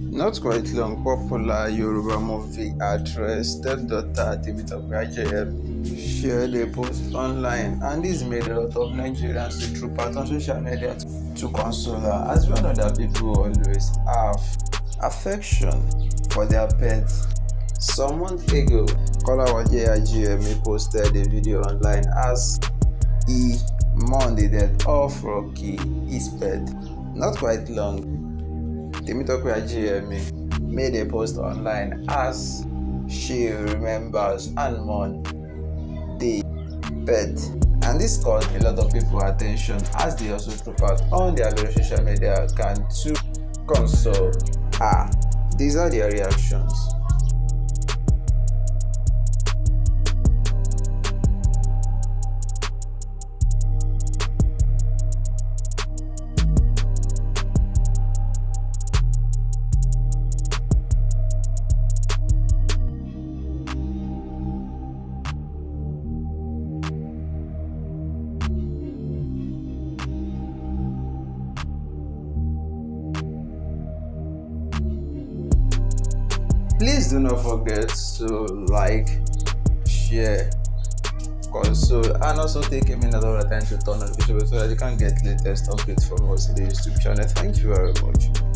Not quite long, popular Yoruba movie actress, stepdaughter Temitope Ajeyemi shared a post online, and this made a lot of Nigerians to troop out on social media to, to console her. As we know that people always have affection for their pets. Some months ago, Kolawole Ajeyemi posted a video online as he mourned the death of Rocky, his pet. Not quite long, Temitope Ajayemi made a post online as she remembers Almond Day birth. And this caused a lot of people attention as they also troop out on their social media account to console her. These are their reactions. please do not forget to like share so and also take a minute of the time to turn on the video so that you can get the latest updates from us in the youtube channel thank you very much